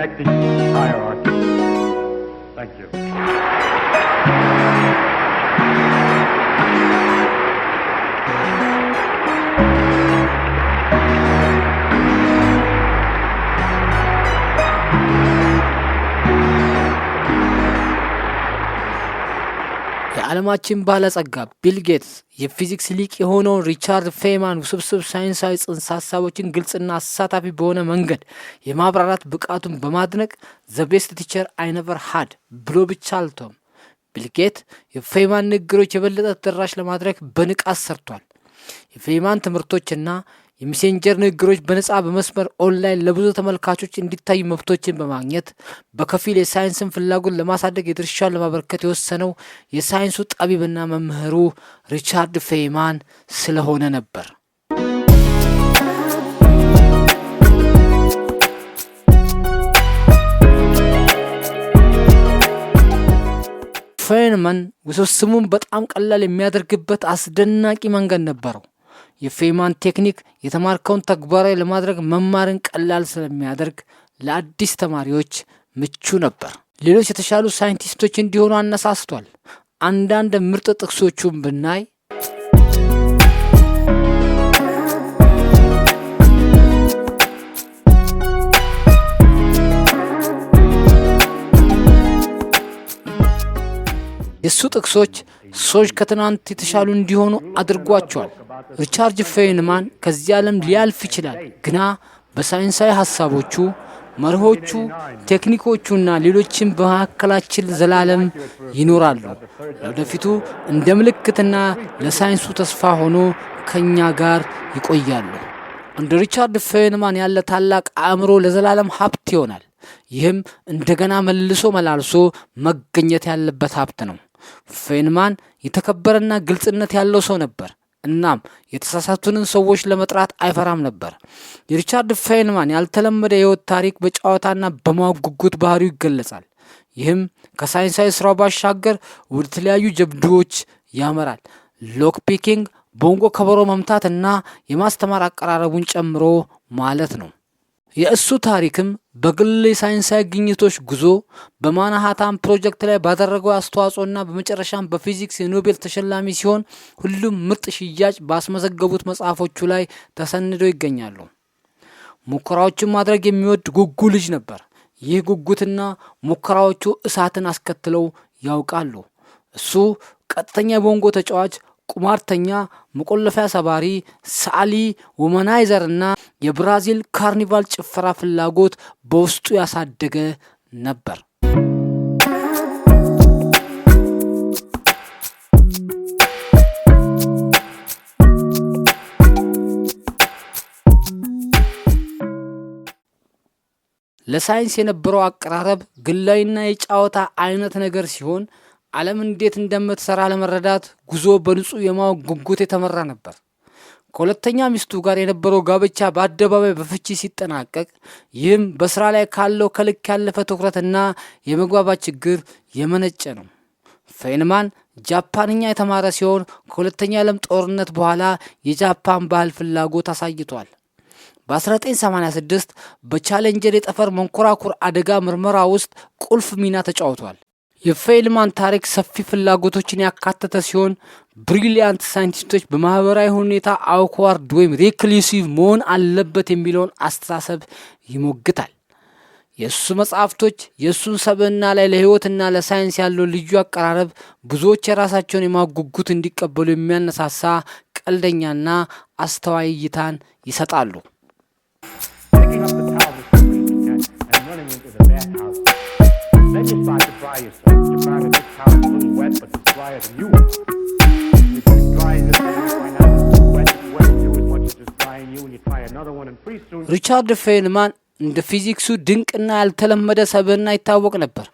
hierarchy. Thank you. የዓለማችን ባለጸጋ ቢል ጌትስ የፊዚክስ ሊቅ የሆነውን ሪቻርድ ፌማን ውስብስብ ሳይንሳዊ ጽንሰ ሀሳቦችን ግልጽና አሳታፊ በሆነ መንገድ የማብራራት ብቃቱን በማድነቅ ዘቤስት ቲቸር አይነቨር ሀድ ብሎ ብቻ አልቶም ቢልጌት የፌማን ንግግሮች የበለጠ ተደራሽ ለማድረግ በንቃት ሰርቷል። የፌማን ትምህርቶችና የሜሴንጀር ንግግሮች በነጻ በመስመር ኦንላይን ለብዙ ተመልካቾች እንዲታዩ መብቶችን በማግኘት በከፊል የሳይንስን ፍላጎት ለማሳደግ የድርሻውን ለማበረከት የወሰነው የሳይንሱ ጠቢብና መምህሩ ሪቻርድ ፌይማን ስለሆነ ነበር። ፌይንማን ውስብስሙን በጣም ቀላል የሚያደርግበት አስደናቂ መንገድ ነበረው። የፌማን ቴክኒክ የተማርከውን ተግባራዊ ለማድረግ መማርን ቀላል ስለሚያደርግ ለአዲስ ተማሪዎች ምቹ ነበር። ሌሎች የተሻሉ ሳይንቲስቶች እንዲሆኑ አነሳስቷል። አንዳንድ ምርጥ ጥቅሶቹን ብናይ የእሱ ጥቅሶች ሰዎች ከትናንት የተሻሉ እንዲሆኑ አድርጓቸዋል። ሪቻርድ ፌይንማን ከዚህ ዓለም ሊያልፍ ይችላል፣ ግና በሳይንሳዊ ሀሳቦቹ መርሆቹ፣ ቴክኒኮቹና ሌሎችም በመካከላችን ዘላለም ይኖራሉ። ለወደፊቱ እንደ ምልክትና ለሳይንሱ ተስፋ ሆኖ ከእኛ ጋር ይቆያሉ። እንደ ሪቻርድ ፌንማን ያለ ታላቅ አእምሮ ለዘላለም ሀብት ይሆናል። ይህም እንደገና መልሶ መላልሶ መገኘት ያለበት ሀብት ነው። ፌንማን የተከበረና ግልጽነት ያለው ሰው ነበር። እናም የተሳሳቱንን ሰዎች ለመጥራት አይፈራም ነበር። የሪቻርድ ፌይንማን ያልተለመደ የህይወት ታሪክ በጨዋታና በማጉጉት ባህሪው ይገለጻል። ይህም ከሳይንሳዊ ስራው ባሻገር ወደ ተለያዩ ጀብዱዎች ያመራል። ሎክ ፒኪንግ፣ ቦንጎ ከበሮ መምታት እና የማስተማር አቀራረቡን ጨምሮ ማለት ነው። የእሱ ታሪክም በግል ሳይንሳዊ ግኝቶች ጉዞ በማናሃታን ፕሮጀክት ላይ ባደረገው አስተዋጽኦና በመጨረሻም በፊዚክስ የኖቤል ተሸላሚ ሲሆን ሁሉም ምርጥ ሽያጭ ባስመዘገቡት መጽሐፎቹ ላይ ተሰንደው ይገኛሉ። ሙከራዎችን ማድረግ የሚወድ ጉጉ ልጅ ነበር። ይህ ጉጉትና ሙከራዎቹ እሳትን አስከትለው ያውቃሉ። እሱ ቀጥተኛ የቦንጎ ተጫዋች ቁማርተኛ፣ መቆለፊያ ሰባሪ፣ ሰዓሊ፣ ወመናይዘር እና የብራዚል ካርኒቫል ጭፈራ ፍላጎት በውስጡ ያሳደገ ነበር። ለሳይንስ የነበረው አቀራረብ ግላዊና የጨዋታ አይነት ነገር ሲሆን ዓለም እንዴት እንደምትሰራ ለመረዳት ጉዞ በንጹህ የማወቅ ጉጉት የተመራ ነበር። ከሁለተኛ ሚስቱ ጋር የነበረው ጋብቻ በአደባባይ በፍቺ ሲጠናቀቅ፣ ይህም በስራ ላይ ካለው ከልክ ያለፈ ትኩረትና የመግባባት ችግር የመነጨ ነው። ፌንማን ጃፓንኛ የተማረ ሲሆን ከሁለተኛ ዓለም ጦርነት በኋላ የጃፓን ባህል ፍላጎት አሳይቷል። በ1986 በቻሌንጀር የጠፈር መንኮራኩር አደጋ ምርመራ ውስጥ ቁልፍ ሚና ተጫውቷል። የፌልማን ታሪክ ሰፊ ፍላጎቶችን ያካተተ ሲሆን ብሪሊያንት ሳይንቲስቶች በማህበራዊ ሁኔታ አውክዋርድ ወይም ሬክሊሲቭ መሆን አለበት የሚለውን አስተሳሰብ ይሞግታል። የእሱ መጽሐፍቶች የእሱን ሰብዕና ላይ ለህይወትና ለሳይንስ ያለው ልዩ አቀራረብ ብዙዎች የራሳቸውን የማጉጉት እንዲቀበሉ የሚያነሳሳ ቀልደኛና አስተዋይ እይታን ይሰጣሉ። ሪቻርድ ፌንማን እንደ ፊዚክሱ ድንቅና ያልተለመደ ሰብህና ይታወቅ ነበር።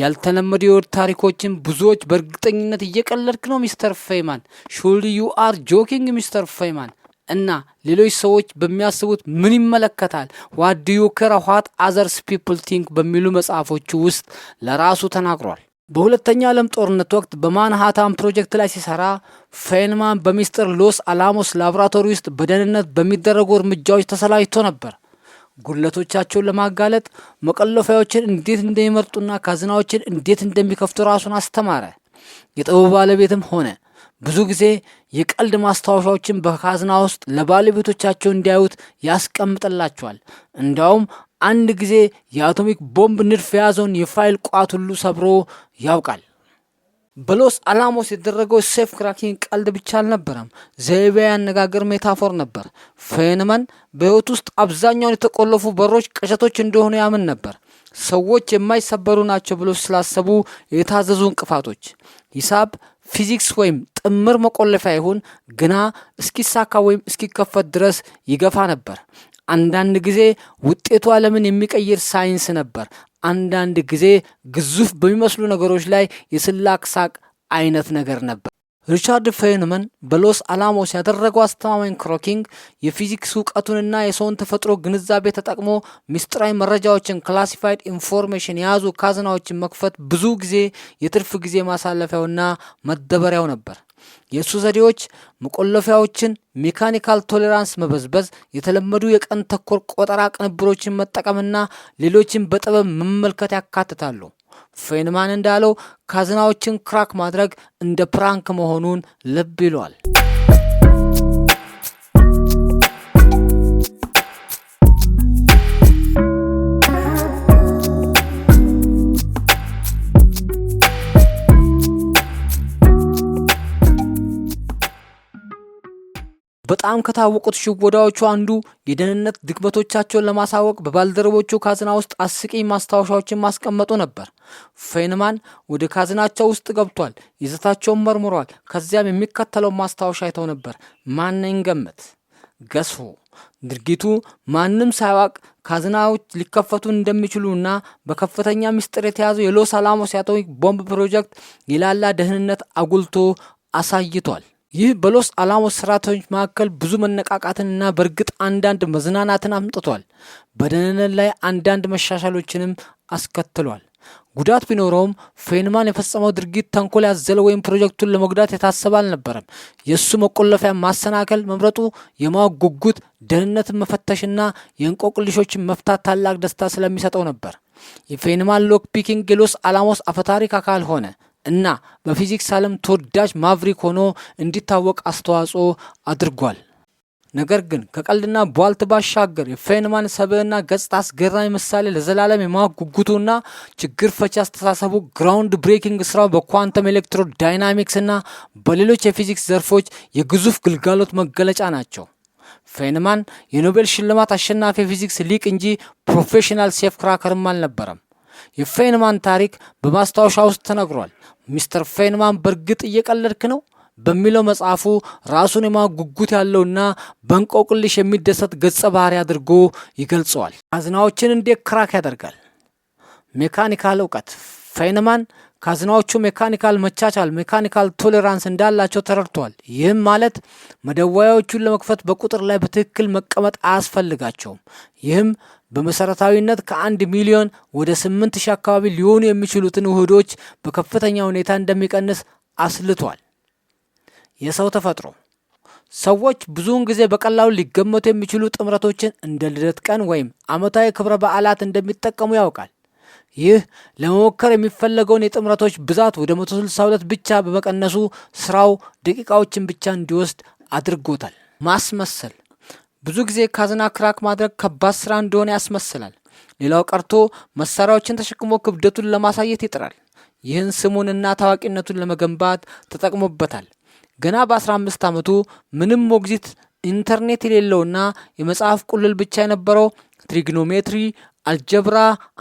ያልተለመዱ የወድ ታሪኮችን ብዙዎች በእርግጠኝነት እየቀለድክ ነው ሚስተር ፌማን፣ ሹርሊ ዩ አር ጆኪንግ ሚስተር ፌማን እና ሌሎች ሰዎች በሚያስቡት ምን ይመለከታል? ዋት ዱ ዩ ኬር ዋት አዘርስ ፒፕል ቲንክ በሚሉ መጽሐፎቹ ውስጥ ለራሱ ተናግሯል። በሁለተኛ ዓለም ጦርነት ወቅት በማንሃታን ፕሮጀክት ላይ ሲሰራ ፌንማን በሚስጥር ሎስ አላሞስ ላቦራቶሪ ውስጥ በደህንነት በሚደረጉ እርምጃዎች ተሰላጅቶ ነበር። ጉድለቶቻቸውን ለማጋለጥ መቀለፊያዎችን እንዴት እንደሚመርጡና ካዝናዎችን እንዴት እንደሚከፍቱ ራሱን አስተማረ። የጥበቡ ባለቤትም ሆነ። ብዙ ጊዜ የቀልድ ማስታወሻዎችን በካዝና ውስጥ ለባለቤቶቻቸው እንዲያዩት ያስቀምጥላቸዋል። እንዲያውም አንድ ጊዜ የአቶሚክ ቦምብ ንድፍ የያዘውን የፋይል ቋት ሁሉ ሰብሮ ያውቃል። በሎስ አላሞስ የተደረገው ሴፍ ክራኪንግ ቀልድ ብቻ አልነበረም፣ ዘይቤ ያነጋገር ሜታፎር ነበር። ፌንመን በሕይወት ውስጥ አብዛኛውን የተቆለፉ በሮች ቅዠቶች እንደሆኑ ያምን ነበር። ሰዎች የማይሰበሩ ናቸው ብሎ ስላሰቡ የታዘዙ እንቅፋቶች፣ ሂሳብ ፊዚክስ ወይም ጥምር መቆለፊያ ይሁን ግና እስኪሳካ ወይም እስኪከፈት ድረስ ይገፋ ነበር። አንዳንድ ጊዜ ውጤቱ ዓለምን የሚቀይር ሳይንስ ነበር። አንዳንድ ጊዜ ግዙፍ በሚመስሉ ነገሮች ላይ የስላቅ ሳቅ አይነት ነገር ነበር። ሪቻርድ ፌንመን በሎስ አላሞስ ያደረገው አስተማማኝ ክሮኪንግ የፊዚክስ እውቀቱንና የሰውን ተፈጥሮ ግንዛቤ ተጠቅሞ ሚስጥራዊ መረጃዎችን ክላሲፋይድ ኢንፎርሜሽን የያዙ ካዝናዎችን መክፈት ብዙ ጊዜ የትርፍ ጊዜ ማሳለፊያውና መደበሪያው ነበር። የእሱ ዘዴዎች መቆለፊያዎችን፣ ሜካኒካል ቶሌራንስ መበዝበዝ፣ የተለመዱ የቀን ተኮር ቆጠራ ቅንብሮችን መጠቀምና ሌሎችን በጥበብ መመልከት ያካትታሉ። ፌንማን እንዳለው ካዝናዎችን ክራክ ማድረግ እንደ ፕራንክ መሆኑን ልብ ይሏል። በጣም ከታወቁት ሽጎዳዎቹ አንዱ የደህንነት ድክመቶቻቸውን ለማሳወቅ በባልደረቦቹ ካዝና ውስጥ አስቂኝ ማስታወሻዎችን ማስቀመጡ ነበር። ፌንማን ወደ ካዝናቸው ውስጥ ገብቷል፣ ይዘታቸውን መርምሯል። ከዚያም የሚከተለው ማስታወሻ አይተው ነበር። ማን ገመት ገስፎ ድርጊቱ ማንም ሳያውቅ ካዝናዎች ሊከፈቱ እንደሚችሉና በከፍተኛ ምስጢር የተያዘው የሎስ አላሞስ የአቶሚክ ቦምብ ፕሮጀክት የላላ ደህንነት አጉልቶ አሳይቷል። ይህ በሎስ አላሞስ ሰራተኞች መካከል ብዙ መነቃቃትንና በእርግጥ አንዳንድ መዝናናትን አምጥቷል። በደህንነት ላይ አንዳንድ መሻሻሎችንም አስከትሏል። ጉዳት ቢኖረውም ፌንማን የፈጸመው ድርጊት ተንኮል ያዘለ ወይም ፕሮጀክቱን ለመጉዳት የታሰበ አልነበረም። የእሱ መቆለፊያ ማሰናከል መምረጡ፣ የማወቅ ጉጉት፣ ደህንነትን መፈተሽና የእንቆቅልሾችን መፍታት ታላቅ ደስታ ስለሚሰጠው ነበር። የፌንማን ሎክ ፒኪንግ የሎስ አላሞስ አፈታሪክ አካል ሆነ። እና በፊዚክስ ዓለም ተወዳጅ ማቭሪክ ሆኖ እንዲታወቅ አስተዋጽኦ አድርጓል። ነገር ግን ከቀልድና ቧልት ባሻገር የፌንማን ሰብዕና ገጽታ አስገራሚ ምሳሌ ለዘላለም የማወቅ ጉጉቱና ችግር ፈቺ አስተሳሰቡ ግራውንድ ብሬኪንግ ስራው በኳንተም ኤሌክትሮ ዳይናሚክስ እና በሌሎች የፊዚክስ ዘርፎች የግዙፍ ግልጋሎት መገለጫ ናቸው። ፌንማን የኖቤል ሽልማት አሸናፊ የፊዚክስ ሊቅ እንጂ ፕሮፌሽናል ሴፍ ክራከርም አልነበረም። የፌንማን ታሪክ በማስታወሻ ውስጥ ተነግሯል። ሚስተር ፌንማን በእርግጥ እየቀለድክ ነው በሚለው መጽሐፉ ራሱን ጉጉት ያለውና በእንቆቅልሽ የሚደሰት ገጸ ባህሪ አድርጎ ይገልጸዋል። አዝናዎችን እንዴት ክራክ ያደርጋል? ሜካኒካል እውቀት ፌንማን ካዝናዎቹ ሜካኒካል መቻቻል ሜካኒካል ቶሌራንስ እንዳላቸው ተረድቷል። ይህም ማለት መደወያዎቹን ለመክፈት በቁጥር ላይ በትክክል መቀመጥ አያስፈልጋቸውም። ይህም በመሰረታዊነት ከአንድ ሚሊዮን ወደ ስምንት ሺህ አካባቢ ሊሆኑ የሚችሉትን ውህዶች በከፍተኛ ሁኔታ እንደሚቀንስ አስልቷል። የሰው ተፈጥሮ ሰዎች ብዙውን ጊዜ በቀላሉ ሊገመቱ የሚችሉ ጥምረቶችን እንደ ልደት ቀን ወይም ዓመታዊ ክብረ በዓላት እንደሚጠቀሙ ያውቃል። ይህ ለመሞከር የሚፈለገውን የጥምረቶች ብዛት ወደ 162 ብቻ በመቀነሱ ስራው ደቂቃዎችን ብቻ እንዲወስድ አድርጎታል። ማስመሰል ብዙ ጊዜ ካዝና ክራክ ማድረግ ከባድ ስራ እንደሆነ ያስመስላል። ሌላው ቀርቶ መሳሪያዎችን ተሸክሞ ክብደቱን ለማሳየት ይጥራል። ይህን ስሙንና ታዋቂነቱን ለመገንባት ተጠቅሞበታል። ገና በ15 ዓመቱ ምንም ሞግዚት ኢንተርኔት የሌለውና የመጽሐፍ ቁልል ብቻ የነበረው ትሪግኖሜትሪ አልጀብራ፣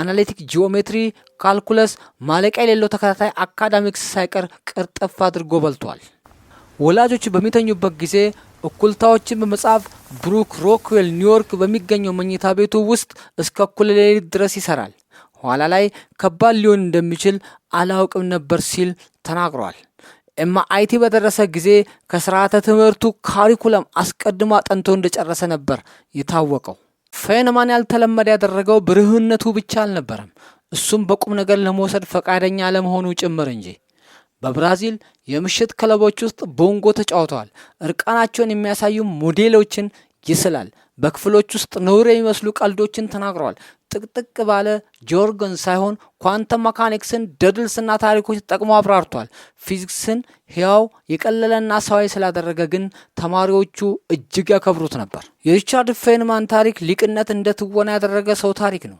አናሊቲክ ጂኦሜትሪ፣ ካልኩለስ ማለቂያ የሌለው ተከታታይ አካዳሚክስ ሳይቀር ቅርጥፍ አድርጎ በልቷል። ወላጆች በሚተኙበት ጊዜ እኩልታዎችን በመጻፍ ብሩክ ሮክዌል ኒውዮርክ በሚገኘው መኝታ ቤቱ ውስጥ እስከ እኩለ ሌሊት ድረስ ይሰራል። ኋላ ላይ ከባድ ሊሆን እንደሚችል አላውቅም ነበር ሲል ተናግሯል። ኤምአይቲ በደረሰ ጊዜ ከስርዓተ ትምህርቱ ካሪኩለም አስቀድሞ ጠንቶ እንደጨረሰ ነበር የታወቀው። ፌንማን ያልተለመደ ያደረገው ብርህነቱ ብቻ አልነበረም፣ እሱም በቁም ነገር ለመውሰድ ፈቃደኛ ለመሆኑ ጭምር እንጂ። በብራዚል የምሽት ክለቦች ውስጥ ቦንጎ ተጫውተዋል። እርቃናቸውን የሚያሳዩ ሞዴሎችን ይስላል። በክፍሎች ውስጥ ነውር የሚመስሉ ቀልዶችን ተናግረዋል። ጥቅጥቅ ባለ ጆርገን ሳይሆን ኳንተም መካኒክስን ደድልስና ታሪኮች ተጠቅሞ አብራርቷል። ፊዚክስን ሕያው የቀለለና ሰዋዊ ስላደረገ ግን ተማሪዎቹ እጅግ ያከብሩት ነበር። የሪቻርድ ፌንማን ታሪክ ሊቅነት እንደ ትወና ያደረገ ሰው ታሪክ ነው።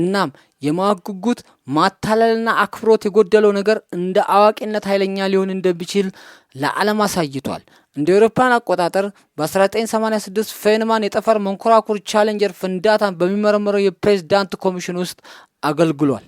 እናም የማጉጉት ማታለልና አክብሮት የጎደለው ነገር እንደ አዋቂነት ኃይለኛ ሊሆን እንደሚችል ለዓለም አሳይቷል። እንደ አውሮፓውያን አቆጣጠር በ1986 ፌንማን የጠፈር መንኮራኩር ቻሌንጀር ፍንዳታን በሚመረምረው የፕሬዝዳንት ኮሚሽን ውስጥ አገልግሏል።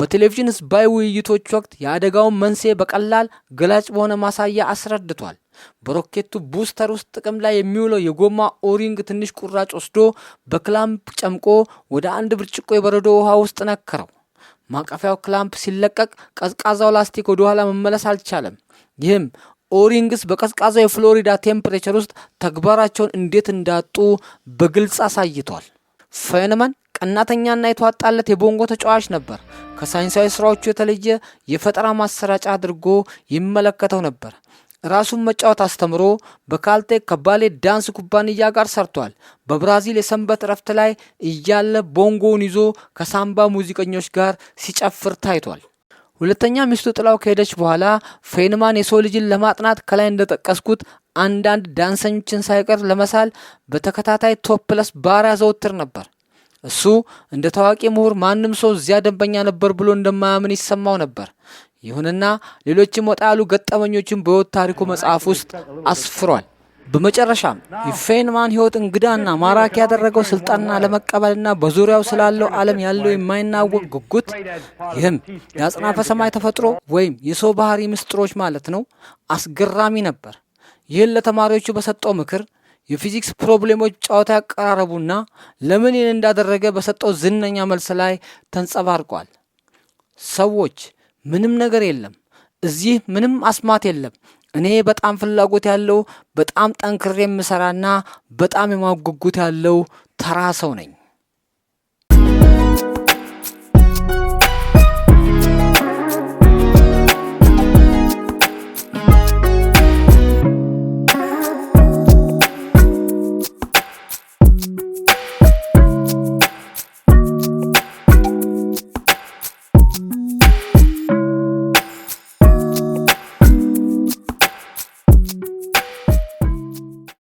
በቴሌቪዥን ህዝባዊ ውይይቶች ወቅት የአደጋውን መንስኤ በቀላል ገላጭ በሆነ ማሳያ አስረድቷል። በሮኬቱ ቡስተር ውስጥ ጥቅም ላይ የሚውለው የጎማ ኦሪንግ ትንሽ ቁራጭ ወስዶ በክላምፕ ጨምቆ ወደ አንድ ብርጭቆ የበረዶ ውሃ ውስጥ ነከረው። ማቀፊያው ክላምፕ ሲለቀቅ ቀዝቃዛው ላስቲክ ወደ ኋላ መመለስ አልቻለም። ይህም ኦሪንግስ በቀዝቃዛው የፍሎሪዳ ቴምፕሬቸር ውስጥ ተግባራቸውን እንዴት እንዳጡ በግልጽ አሳይቷል። ፌንመን ቀናተኛና የተዋጣለት የቦንጎ ተጫዋች ነበር። ከሳይንሳዊ ስራዎቹ የተለየ የፈጠራ ማሰራጫ አድርጎ ይመለከተው ነበር። ራሱን መጫወት አስተምሮ በካልቴ ከባሌ ዳንስ ኩባንያ ጋር ሰርቷል። በብራዚል የሰንበት እረፍት ላይ እያለ ቦንጎውን ይዞ ከሳምባ ሙዚቀኞች ጋር ሲጨፍር ታይቷል። ሁለተኛ ሚስቱ ጥላው ከሄደች በኋላ ፌንማን የሰው ልጅን ለማጥናት ከላይ እንደጠቀስኩት አንዳንድ ዳንሰኞችን ሳይቀር ለመሳል በተከታታይ ቶፕለስ ባር ያዘወትር ነበር። እሱ እንደ ታዋቂ ምሁር ማንም ሰው እዚያ ደንበኛ ነበር ብሎ እንደማያምን ይሰማው ነበር። ይሁንና ሌሎችም ወጣ ያሉ ገጠመኞችን በሕይወት ታሪኩ መጽሐፍ ውስጥ አስፍሯል። በመጨረሻም የፌንማን ሕይወት እንግዳና ማራኪ ያደረገው ስልጠና ለመቀበልና በዙሪያው ስላለው ዓለም ያለው የማይናወቅ ጉጉት፣ ይህም የአጽናፈ ሰማይ ተፈጥሮ ወይም የሰው ባህሪ ምስጢሮች ማለት ነው፣ አስገራሚ ነበር። ይህን ለተማሪዎቹ በሰጠው ምክር የፊዚክስ ፕሮብሌሞች ጨዋታ ያቀራረቡና ለምን ይህን እንዳደረገ በሰጠው ዝነኛ መልስ ላይ ተንጸባርቋል። ሰዎች ምንም ነገር የለም። እዚህ ምንም አስማት የለም። እኔ በጣም ፍላጎት ያለው በጣም ጠንክሬ የምሰራና በጣም የማጉጉት ያለው ተራ ሰው ነኝ።